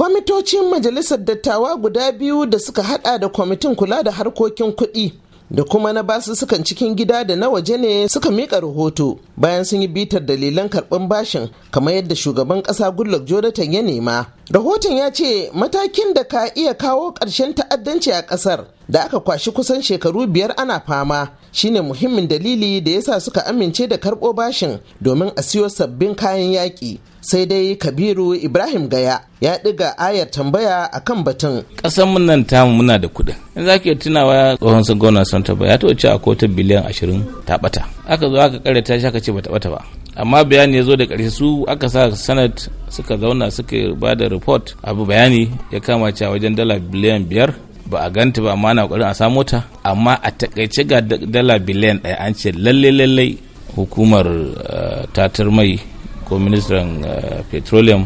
kwamitocin majalisar dattawa guda biyu da suka hada da kwamitin kula da harkokin kuɗi da kuma na basu sukan cikin gida da na waje ne suka mika rahoto bayan sun yi bitar dalilan karɓar bashin kamar yadda shugaban ƙasa goodluck jonathan ya nema rahoton ya ce matakin da ka iya kawo ƙarshen ta'addanci a ƙasar da aka kwashi kusan shekaru biyar ana fama shine muhimmin dalili da yasa suka amince da karɓo bashin domin a siyo sabbin kayan yaƙi sai dai kabiru ibrahim gaya ya ɗiga ayar tambaya a kan batun ƙasanmu nan tamu muna da kuɗin in za ki tunawa tsohon sun gona son ta ya taɓa cewa ko ta biliyan ashirin ta ɓata aka zo aka ƙarata shi aka ce bata ta ba amma bayani ya zo da ƙarshe su aka sa sanat suka zauna suka ba da report abu bayani ya kama cewa wajen dala biliyan biyar ba a ganta ba amma na a samo ta amma a takaice ga dala biliyan ɗaya an ce lalle lalle hukumar eh, tatar mai ko ministan eh, petroleum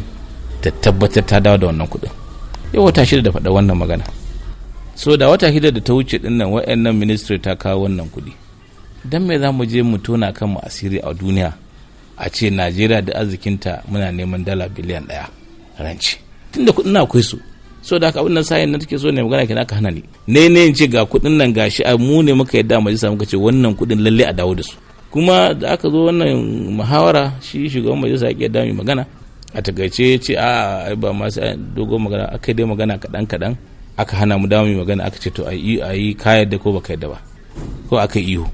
ta tabbatar ta dawo da wannan kuɗin yau wata shida da faɗa wannan magana so da wata shida da ta wuce ɗin nan wa'annan ta kawo wannan kuɗi don me za mu je mu tona kan mu asiri a duniya a ce najeriya da arzikinta muna neman dala biliyan ɗaya ranci tunda kuɗin akwai su so da haka abin nan sayan nan take so ne magana kina ka hana ni ne ne in ce ga kuɗin nan gashi a mu ne muka yadda majalisa muka ce wannan kuɗin lalle a dawo da su kuma da aka zo wannan muhawara shi shugaban majalisa ya yadda mai magana a takaice ce a ba masu dogon magana aka dai magana kadan kadan aka hana mu dawo mai magana aka ce to a yi ka da ko baka yadda ba ko aka ihu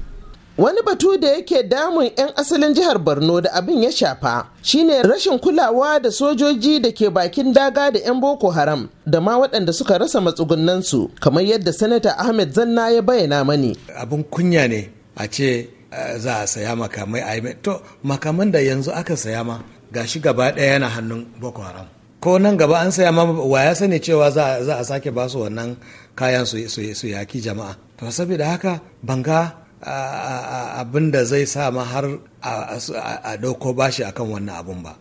Wani batu da yake damun 'yan asalin jihar Borno da abin ya shafa shine rashin kulawa da sojoji da ke bakin daga da 'yan Boko Haram da ma waɗanda suka rasa matsugunansu kamar yadda Sanata Ahmed Zanna ya bayyana mani. Abin kunya ne a ce eh, za a saya makamai a to makaman da yanzu aka saya ma gashi gaba ɗaya yana hannun Boko Haram. Ko nan gaba an saya ma wa ya sani cewa za a sake basu wannan kayan su yaki jama'a. To saboda haka banga abin da zai sa ma har a dauko bashi akan wannan abun ba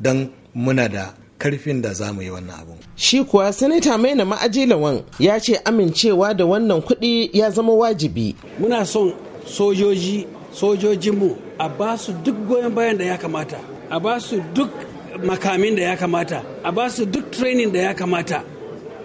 don muna da karfin da za mu yi wannan abun. Shi kuwa sanita mai Ma'aji Lawan ya ce amincewa da wannan kuɗi ya zama wajibi. Muna son sojoji, sojojinmu a ba su duk goyon bayan da ya kamata, a ba su duk makamin da ya kamata, a ba su duk training da ya kamata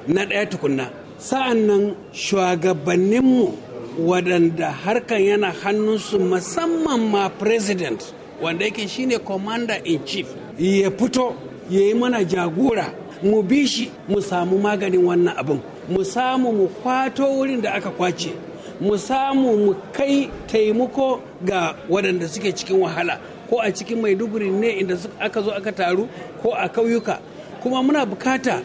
na ɗaya tukunna. Sa'an nan shugabanninmu waɗanda harkan yana hannunsu musamman ma president wanda yake shine commander in chief ya fito ya yi mana jagora mu bi shi mu samu maganin wannan abin mu samu mu kwato wurin da aka kwace mu samu mu kai taimako ga waɗanda suke cikin wahala ko a cikin maiduguri ne inda aka zo aka taru ko a kauyuka kuma muna bukata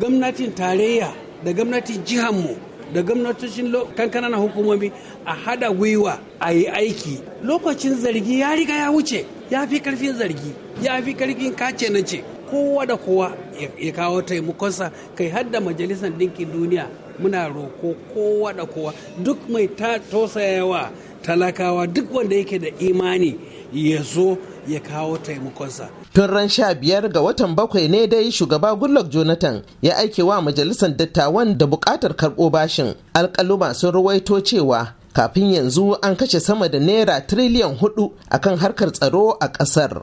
gwamnatin tarayya da gwamnatin jihanmu da gwamnatocin kan kananan hukumomi a hada gwiwa a yi aiki lokacin zargi ya riga ya wuce ya fi karfin zargi ya fi karfin kace na ce kowa da kowa ya kawo taimakonsa kai hadda da majalisar ɗinkin duniya muna roko kowa da kowa duk mai tausayawa talakawa duk wanda yake da imani ya zo ya kawo taimakonsa. Tun ran sha biyar ga watan bakwai ne dai shugaba Goodluck Jonathan ya aike wa majalisar dattawan da bukatar karɓo bashin. Alƙaluma sun ruwaito cewa kafin yanzu an kashe sama da naira tiriliyan hudu akan harkar tsaro a ƙasar.